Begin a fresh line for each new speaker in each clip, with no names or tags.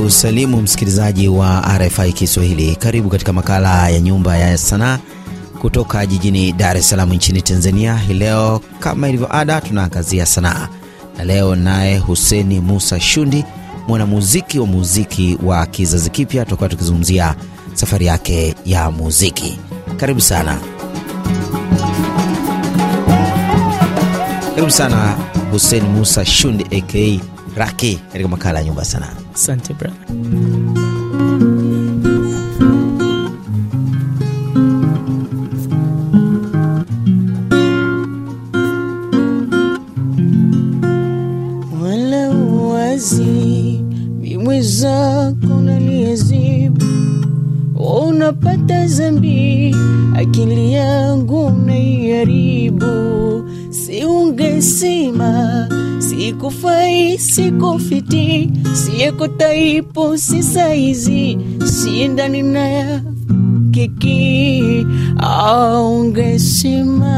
kusalimu msikilizaji wa RFI Kiswahili. Karibu katika makala ya Nyumba ya Sanaa kutoka jijini Dar es Salaam nchini Tanzania. Hii leo kama ilivyo ada, tunaangazia sanaa, na leo naye Huseni Musa Shundi, mwanamuziki wa muziki wa kizazi kipya, tutakuwa tukizungumzia safari yake ya muziki. Karibu sana, karibu sana huseni Musa Shundi aka Raki katika makala ya Nyumba ya Sanaa.
Asante brother.
hizi sindani na kiki aungesema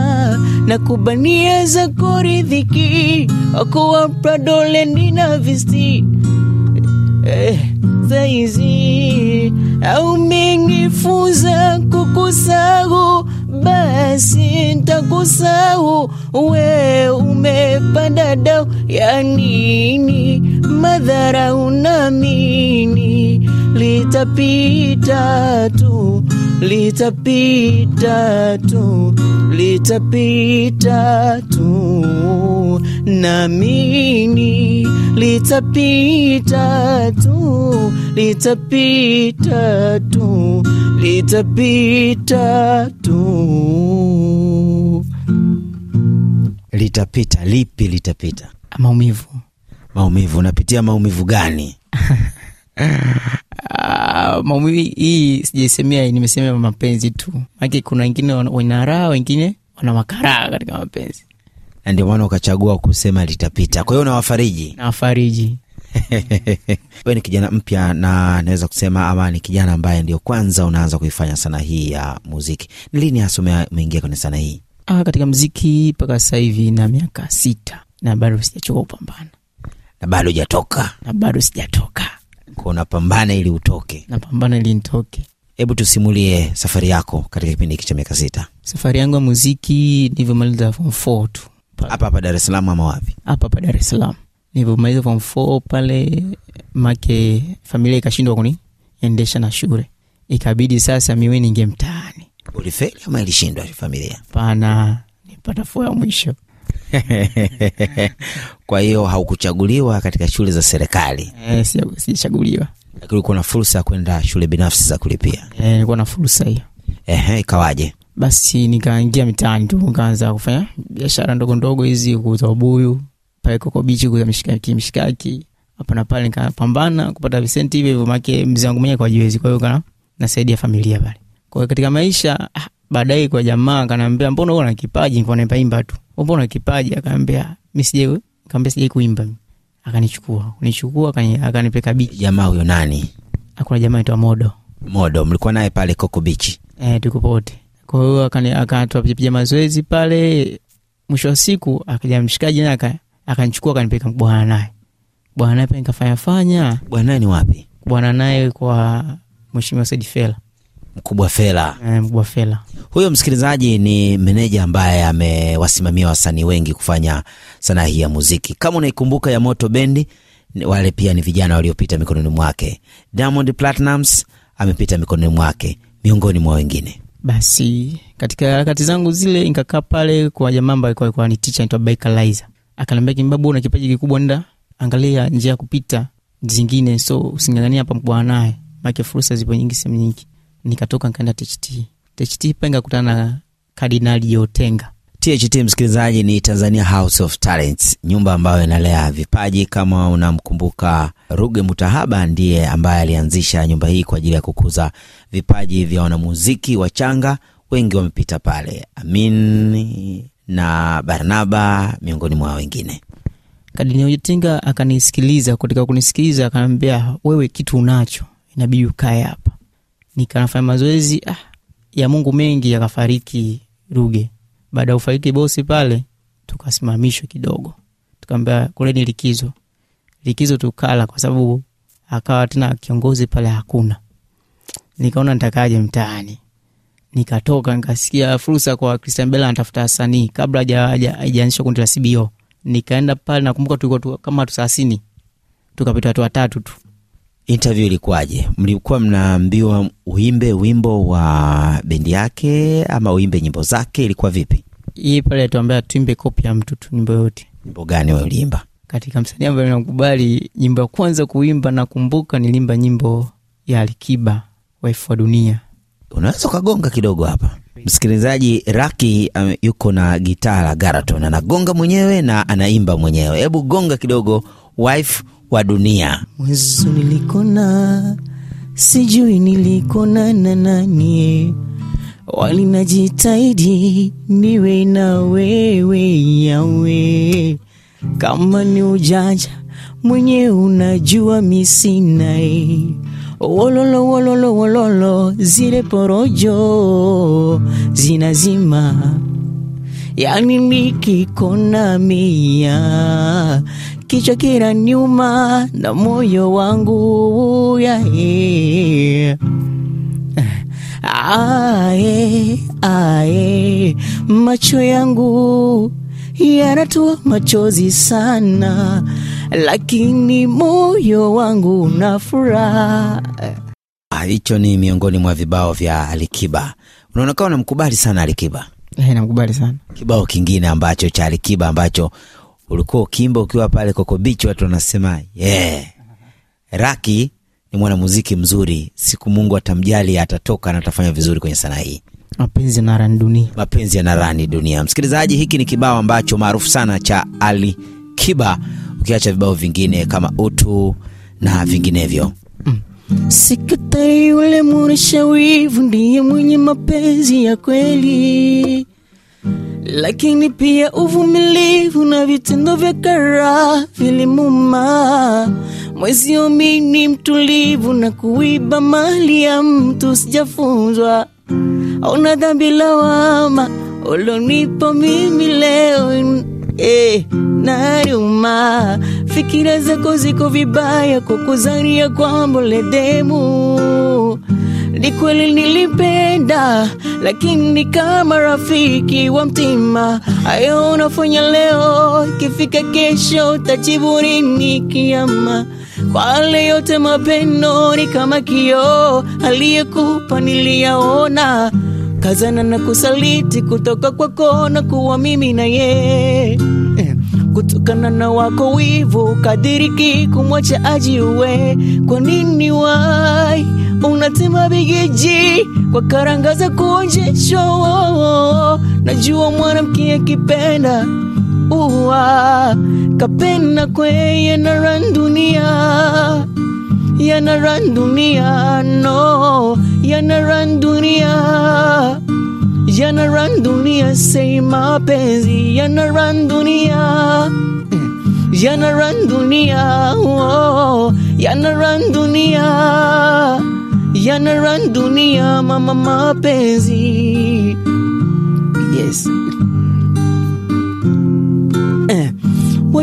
na kubania za kuridhiki akuwapa dole nina visti eh, saizi aumengifuza kukusahu basi ntakusau we umepanda dau ya nini madhara unamini litapita tu, litapita tu, litapita tu, namini litapita tu, litapita tu, litapita tu.
Litapita lipi? Litapita maumivu. Maumivu, unapitia maumivu gani?
Uh, maumivu hii sijaisemea, nimesemea mapenzi tu, manake kuna wengine wana wengine wana makaraa katika mapenzi,
na ndio maana ukachagua kusema litapita. Kwa hiyo unawafariji, nawafariji we ni kijana mpya na naweza kusema ama ni kijana ambaye ndio kwanza unaanza kuifanya sana hii ya muziki. Ni lini hasa umeingia kwenye sana hii?
Ah, katika mziki mpaka sasa hivi na miaka sita, na bado sijachoka kupambana,
na bado ujatoka na bado sijatoka kwa unapambana ili utoke.
Napambana ili nitoke.
Hebu tusimulie safari yako katika kipindi hiki cha miaka sita.
Safari yangu ya muziki nilivyomaliza form four tu
hapa hapa Dar es Salaam ama wapi?
Hapa hapa Dar es Salaam nilivyomaliza form pale, make familia ikashindwa kuniendesha na shule, ikabidi sasa miwe ninge mtaani. Ulifeli ama ilishindwa familia? Pana, nipata fua mwisho
Kwa hiyo haukuchaguliwa katika shule za serikali? E, eh, sichaguliwa. si Lakini ulikuwa na fursa ya kwenda shule binafsi za
kulipia? E, nilikuwa na fursa hiyo.
Ehe, ikawaje?
Basi nikaingia mitaani tu nikaanza kufanya biashara ndogo ndogo hizi, kuuza ubuyu pale koko bichi, kuuza mishikaki mishikaki hapa na pale, nikapambana kupata visenti hivyo hivyo, make mzee wangu mwenyewe kwajiwezi jiwezi, kwa hiyo kana nasaidia familia pale. Kwa katika maisha ah, baadaye kwa jamaa akaniambia, mbona uko na kipaji? Nilikuwa naimba imba tu. Mbona una kipaji? Akaambia mi sije, kaambia sije kuimba. Akanichukua, nichukua, akanipeka bichi. Jamaa huyo nani? Akuna jamaa aitwa Modo.
Modo, mlikuwa naye pale Koko Bichi?
E, eh, tuko pote. Kwa hiyo akani akatupiga mazoezi pale, mwisho wa siku akaja mshikaji naye akanichukua akanipeka bwana naye. Bwana naye pia nikafanya fanya. Bwana naye ni wapi? Bwana naye kwa Mheshimiwa Said Fela. Mkubwa Fela. E, Mkubwa Fela
huyo msikilizaji ni meneja ambaye amewasimamia wasanii wengi kufanya sanaa hii ya muziki. Kama unaikumbuka ya Moto Bendi, wale pia ni vijana waliopita mikononi mwake. Diamond platnams amepita mikononi mwake, miongoni mwa wengine.
Basi katika harakati zangu zile, nkakaa pale kwa jamaa ambaye ni kipaji kikubwa, angalia njia ya kupita zingine, so usingangania make fursa zipo nyingi, sehemu nyingi nikatoka nikaenda THT. THT pia nikakutana na Kardinali Yotenga.
THT msikilizaji, ni Tanzania House of Talents, nyumba ambayo inalea vipaji. Kama unamkumbuka Ruge Mutahaba, ndiye ambaye alianzisha nyumba hii kwa ajili ya kukuza vipaji vya wanamuziki wa changa Wengi wamepita pale, Amin na Barnaba miongoni mwa wengine.
Kadini Ojetinga akanisikiliza, katika kunisikiliza akaniambia, wewe kitu unacho, inabidi ukae hapa nikanafanya mazoezi ah, ya Mungu mengi yakafariki Ruge. Baada ya ufariki bosi pale, tukasimamishwa kidogo, tukaambia kule ni likizo. Likizo tukala, kwa sababu akawa tena kiongozi pale hakuna. Nikaona ntakaje mtaani, nikatoka nikasikia fursa kwa Christian Bella anatafuta wasanii kabla haijaanzisha kundi la CBO. Nikaenda pale, nakumbuka tulikuwa kama watu thelathini, tukapita watu watatu tu
Interview ilikuwaje? Mlikuwa mnaambiwa uimbe wimbo wa bendi yake ama uimbe nyimbo zake, ilikuwa vipi?
Hii pale tuambia tuimbe kopi ya mtutu nyimbo yote. Nyimbo gani wewe uliimba? Katika msanii ambaye nakubali, nyimbo ya kwanza kuimba nakumbuka nilimba nyimbo ya Alikiba waifu wa Dunia.
Unaweza ukagonga kidogo hapa, msikilizaji. Raki um, yuko na gitaa la Garaton anagonga mwenyewe na anaimba mwenyewe. Hebu gonga kidogo Wife wa dunia.
Mwezu nilikona, sijui nilikona na nani, walinajitahidi niwe na wewe yawe, kama ni ujanja mwenye unajua misinai Wololo, wololo, wololo, zile porojo zinazima, yani nikikona mia kichwa kina nyuma na moyo wangu ya yeah. Ae, ae, macho yangu yanatoa machozi sana, lakini moyo wangu una furaha.
Ah, hicho ni miongoni mwa vibao vya Alikiba. Unaonekana unamkubali sana Alikiba.
Eh, namkubali sana.
Kibao kingine ambacho cha Alikiba ambacho ulikuwa ukiimba ukiwa pale Coco Beach, watu wanasema yeah. Raki ni mwanamuziki mzuri, siku Mungu atamjali atatoka na atafanya vizuri kwenye sanaa hii.
Mapenzi yanarani dunia,
mapenzi yanarani dunia. Msikilizaji, hiki ni kibao ambacho maarufu sana cha Ali Kiba, ukiacha vibao vingine kama utu na vinginevyo mm.
yule wivu ndiye mwenye mapenzi ya kweli lakini pia uvumilivu na vitendo vya kara vilimuma. Mwezio mimi mtulivu na kuiba mali ya mtu sijafunzwa, ona dhambi lawama ulonipa mimi leo eh, nayuma. Fikira zako ziko vibaya kwa kuzania kwamba ledemu ni kweli nilipenda, lakini kama rafiki wa mtima, hayo unafanya leo, kifika kesho utajibu nini kiama? Kwa ale yote mapendo ni kama kioo, aliyekupa niliyaona, kazana na kusaliti kutoka kwa kona kuwa mimi na ye eh, kutokana na wako wivu kadiriki kumwacha ajiwe, kwa nini wai unatima bigiji kwa karanga za kuonjesho. Najua mwanamke akipenda uwa kapenda kwe yanarandunia yanarandunia no yanarandunia yanarandunia sei mapenzi yanarandunia yanarandunia oh, yanarandunia yanaran dunia mama mapenzi yes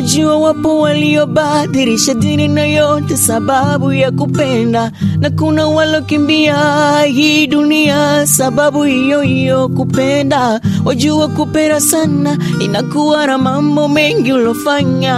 kujua wapo waliobadilisha dini na yote sababu ya kupenda, na kuna walokimbia hii dunia sababu hiyo hiyo kupenda. Wajua kupera sana inakuwa na mambo mengi ulofanya.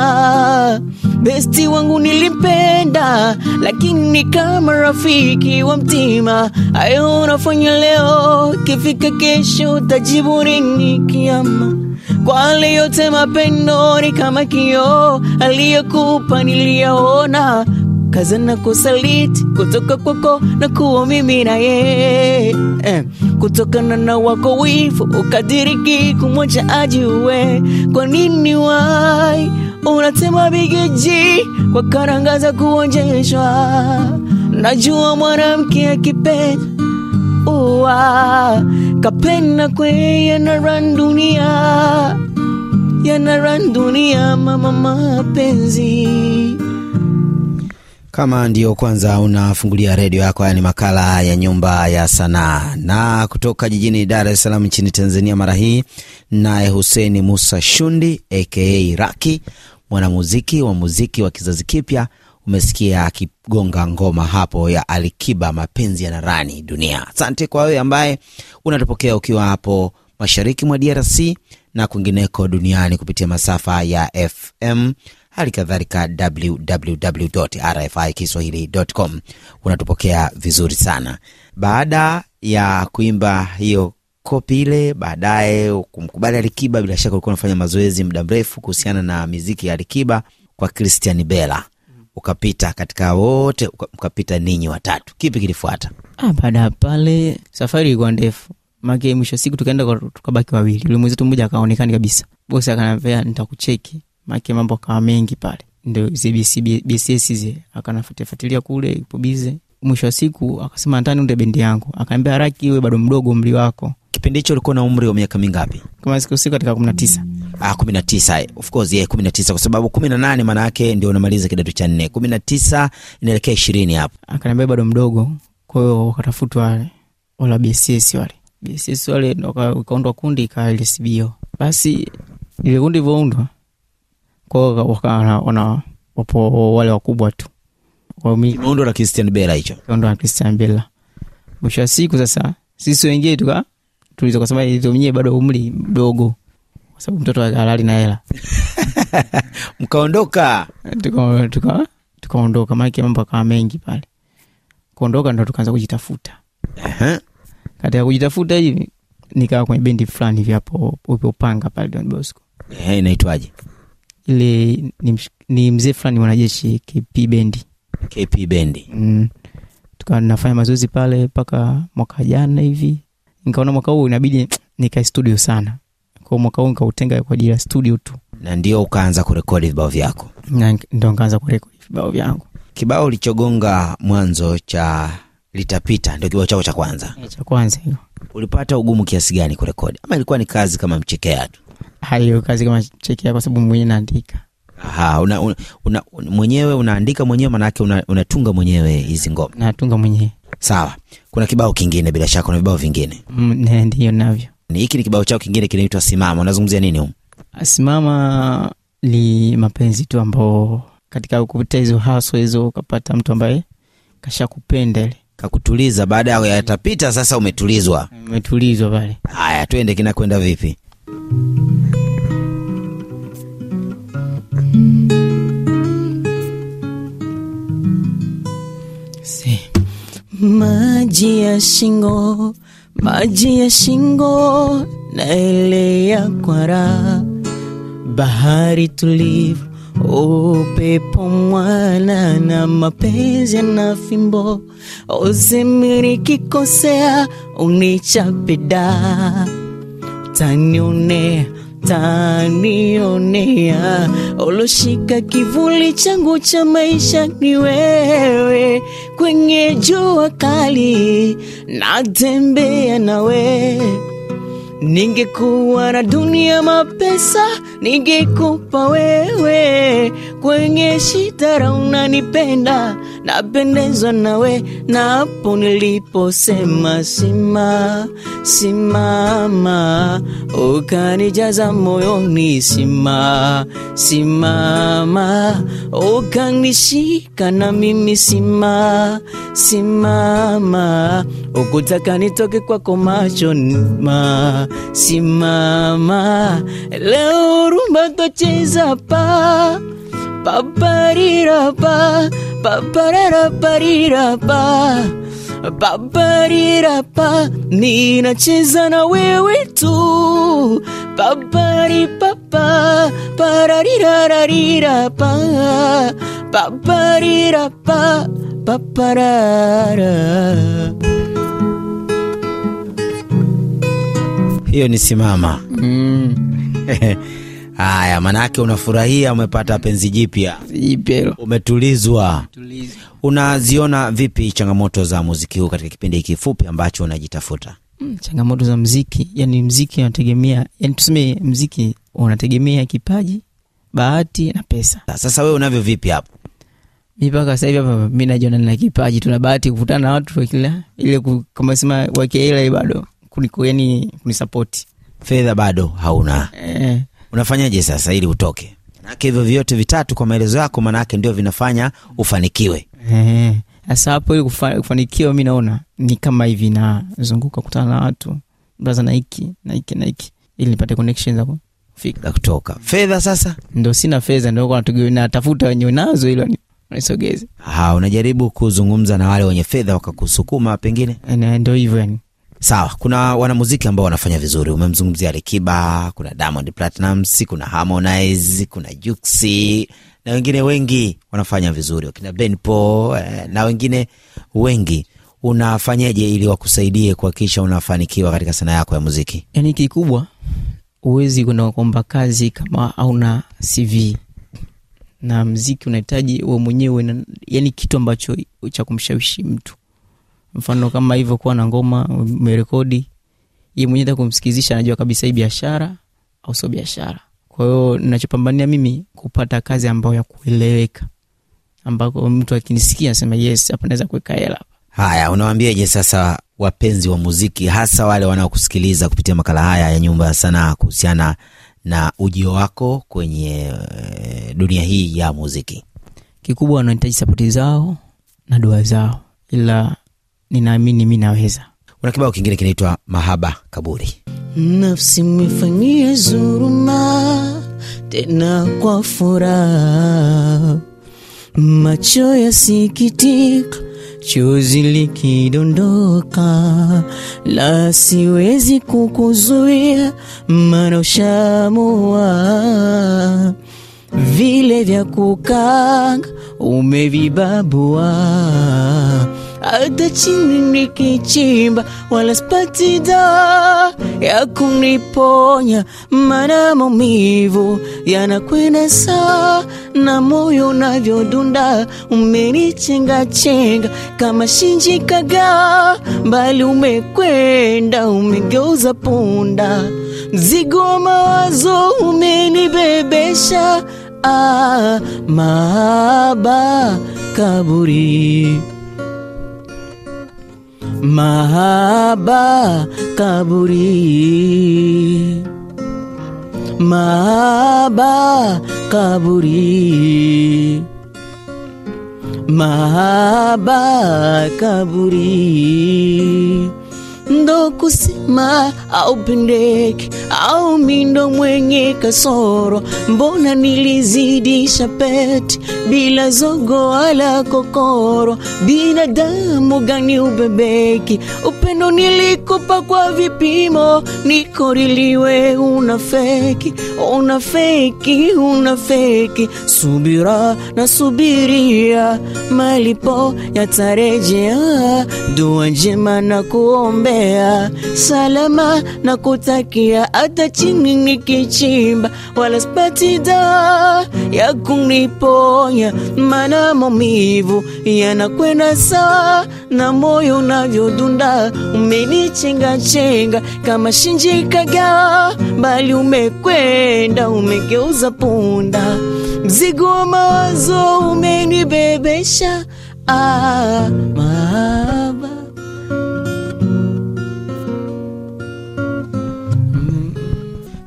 Besti wangu nilimpenda, lakini kama rafiki wa mtima, ayo unafanya leo, kifika kesho tajibu nini kiama kwa wale yote mapendo ni kama kioo aliyokupa niliyaona kaza na kusaliti kutoka kwako na kuwa mimi na yeye eh. kutokana na wako wifu ukadiriki kumwacha ajiwe. Kwa nini wai unatema bigeji wakarangaza kuonjeshwa? Najua mwanamke akipenda uwa Kapena kwe yanaran dunia, yanaran dunia mama mapenzi.
Kama ndio kwanza unafungulia redio yako, haya ni makala ya Nyumba ya Sanaa, na kutoka jijini Dar es Salaam nchini Tanzania, mara hii naye Hussein Musa Shundi aka Raki, mwanamuziki wa muziki wa kizazi kipya umesikia akigonga ngoma hapo ya Alikiba, mapenzi yanarani dunia. Asante kwa wewe ambaye unatopokea ukiwa hapo mashariki mwa DRC na kwingineko duniani kupitia masafa ya FM, hali kadhalika www RFI kiswahilicom unatupokea vizuri sana. Baada ya kuimba hiyo kopi ile, baadaye kumkubali Alikiba, bila shaka ulikuwa unafanya mazoezi muda mrefu kuhusiana na miziki ya Alikiba kwa Christian bela ukapita katika wote ukapita ninyi watatu, kipi kilifuata?
baada ya pale safari ilikuwa ndefu, make mwisho siku tukaenda tukabaki wawili, ule mwenzetu mmoja akaonekani kabisa. Bosi akanavea ntakucheki make mambo akawa mengi pale, ndo zbcs ze akanafuatilia kule, ipo bize. Mwisho wa siku akasema ntani unde bendi yangu, akaambia Raki, we bado mdogo, umri wako Kipindi hicho ulikuwa na umri wa miaka mingapi? Kama sikusi katika kumi
na tisa. Ah, kumi na tisa, of course, yeah, kumi na tisa kwa sababu kumi na nane maana yake ndio unamaliza kidato cha nne, kumi na tisa inaelekea ishirini hapo.
Akaniambia bado mdogo, kwa hiyo wakatafutwa wale wala BCS wale BCS wale wakaundwa kundi ikawa LSBO. Basi ile kundi ilivyoundwa, kwa hiyo wakaona wana wapo wale wakubwa tu wameundwa na Christian Bella, hicho kiundwa na Christian Bella. Mwisho wa siku sasa sisi wengine tukaa tulizo, kwa sababu hizo mwenyewe bado umri mdogo, kwa sababu mtoto halali na hela mkaondoka, tukaondoka tuka, tuka maanake mambo akawa mengi pale. Kuondoka ndo tukaanza kujitafuta uh-huh. Katika kujitafuta hivi nikawa kwenye bendi fulani hivi hapo upo Upanga pale Don Bosco.
Eh, hey, inaitwaje
ile? Ni, ni mzee fulani mwanajeshi KP bendi KP bendi mm. Tukawa nafanya mazoezi pale mpaka mwaka jana hivi nikaona mwaka huu inabidi nikae studio sana, kwao mwaka huu nikautenga kwa ajili ya studio tu.
Na ndio ukaanza kurekodi vibao vyako?
ndo nkaanza kurekodi
vibao vyangu. Kibao ulichogonga mwanzo cha litapita ndio kibao chako cha kwanza? E, cha kwanza hiyo. Ulipata ugumu kiasi gani kurekodi, ama ilikuwa ni kazi kama mchekea tu?
Ah, hiyo kazi kama mchekea, kwa sababu mwenyewe naandika.
Aha, una, una, una, mwenyewe unaandika mwenyewe, maanake unatunga una mwenyewe hizi ngoma? Natunga mwenyewe Sawa, kuna kibao kingine bila shaka, kuna vibao vingine
mm, ndio navyo.
Ni hiki ni kibao chao kingine kinaitwa Simama. Unazungumzia nini hu
Simama ni mapenzi tu ambao katika kupita hizo haswa hizo ukapata mtu ambaye kashakupenda
kakutuliza, baada ya yatapita sasa, umetulizwa
umetulizwa pale.
Haya, twende, kinakwenda vipi?
maji ya shingo, maji ya shingo naelea kwa raha, bahari tulivu, upepo mwana na mapenzi na fimbo, uzemiri kikosea unichapida tanionea utanionea oloshika kivuli changu cha maisha ni wewe. Kwenye jua kali natembea nawe, ningekuwa na dunia mapesa nigikupa wewe kwenye shitara, unanipenda napendezwa nawe, na hapo niliposema sima simama, ukanijaza moyoni, sima simama, ukanishika na mimi, sima simama, ukutaka nitoke kwako machoni, simama leo rumba pa pa Paparirapa, papararaparirapa, pa ninacheza na wewe tu. pa pararirarirapa, pa paparara.
Hiyo ni simama. Mm. Haya, manake unafurahia, umepata penzi jipya, jipya, umetulizwa. Unaziona vipi changamoto za muziki huu katika kipindi hiki kifupi ambacho unajitafuta?
Mm, changamoto za muziki, yani muziki unategemea, yani tuseme muziki unategemea kipaji, bahati na pesa.
Sasa wewe unavyo vipi hapo?
Mi mpaka sasa hivi hapa mi najiona nina kipaji, tuna bahati kukutana na watu kila ile kama sema ile bado kuniko, yani kunisapoti.
Fedha bado hauna eh? unafanyaje sasa ili utoke? Manake hivyo vyote vitatu kwa maelezo yako, manake ndio vinafanya ufanikiwe.
Sasa hapo ili kufanikiwa, mi naona ni kama hivi, nazunguka kutana na watu baza na hiki na hiki na hiki, ili nipate connections hapo fika kutoka fedha. Sasa ndo sina fedha, ndo natafuta wenye nazo ili nisogeze.
Unajaribu kuzungumza na wale wenye fedha wakakusukuma, pengine eh, ndo hivyo yani Sawa, kuna wanamuziki ambao wanafanya vizuri. Umemzungumzia Alikiba, kuna Diamond platnams kuna Harmonize, kuna Juksi na wengine wengi wanafanya vizuri, wakina benpo eh, na wengine wengi. Unafanyaje ili wakusaidie kuhakikisha unafanikiwa katika sanaa yako ya muziki?
yani kikubwa, huwezi kwenda kuomba kazi kama auna CV na mziki unahitaji we mwenyewe, yani kitu ambacho cha kumshawishi mtu mfano kama hivyo, kuwa na ngoma merekodi ye mwenyewe ta kumsikizisha, anajua kabisa hii biashara au sio biashara. kwahiyo nachopambania mimi kupata kazi ambayo ya kueleweka, ambako mtu akinisikia anasema yes, hapa naweza kuweka hela.
Haya, unawambiaje sasa wapenzi wa muziki, hasa wale wanaokusikiliza kupitia makala haya ya Nyumba ya Sanaa kuhusiana na ujio wako kwenye eh, dunia hii ya muziki?
Kikubwa wanahitaji sapoti zao na dua zao, ila ninaamini mi naweza.
Una kibao kingine kinaitwa mahaba kaburi.
Nafsi mmefanyie zuruma tena kwa furaha, macho yasikitika, chozi likidondoka, la siwezi kukuzuia, manoshamua ushamua vile vya kukanga umevibabua hata chini nikichimba, wala sipati dawa ya kuniponya, maana maumivu yanakwenda saa na moyo unavyodunda. Umenichenga-chenga kama Shinji Kagawa, mbali umekwenda, umegeuza punda. Mzigo wa mawazo umenibebesha, ah, mahaba kaburi মাহাবা কাবুরি মাহাবা কাবুরি মাহাবা কাবুরি ndo kusema aupendeki au mindo mwenye kasoro, mbona nilizidisha peti bila zogo wala kokoro? Binadamu gani ubebeki? Upendo nilikupa kwa vipimo, nikoriliwe unafeki, unafeki, unafeki, subira na subiria, malipo yatarejea, dua njema na kuombea kuombea salama na kutakia, hata chini nikichimba, wala spati da ya kuniponya, maana maumivu yanakwenda sawa na moyo unavyodunda. Umenichenga-chenga kama Shinji Kagawa, bali umekwenda umegeuza punda. Mzigo wa mawazo umenibebesha, ah, mahaba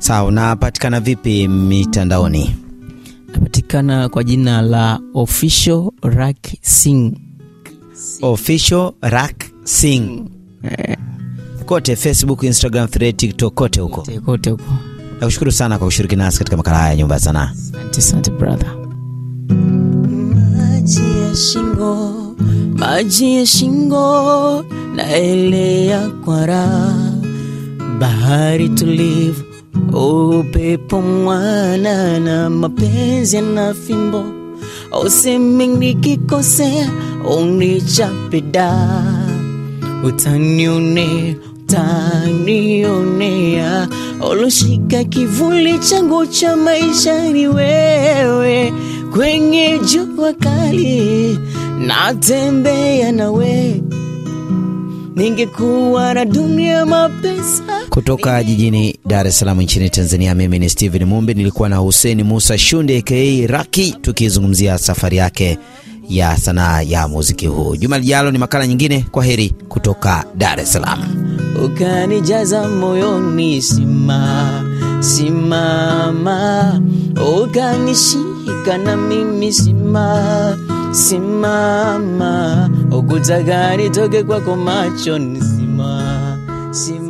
Sawa, unapatikana vipi mitandaoni?
Napatikana kwa jina la Official Rak Singh. Official Rak Singh. Eh.
Kote Facebook, Instagram, Thread, TikTok, kote huko. Kote, kote huko. Nakushukuru sana kwa kushiriki nasi katika makala haya nyumba ya sanaa. Asante sana brother.
Maji ya shingo, maji ya shingo naelea kwa raha, bahari tulivu upepo mwana na mapenzi na fimbo, useme nikikosea unichape da, utanione utanionea, oloshika kivuli changu cha maisha ni wewe, kwenye jua kali natembea nawe, ningekuwa na dunia mapesa
kutoka jijini Dar es Salaam nchini Tanzania, mimi ni Steven Mumbi, nilikuwa na Hussein Musa Shunde aka Raki, tukizungumzia safari yake ya sanaa ya muziki huu. Juma lijalo ni makala nyingine. Kwa heri kutoka Dar es Salaam.
Ukanijaza moyoni, sima simama, ukanishika na mimi, sima simama, ukutagari toke kwako machoni, sima sima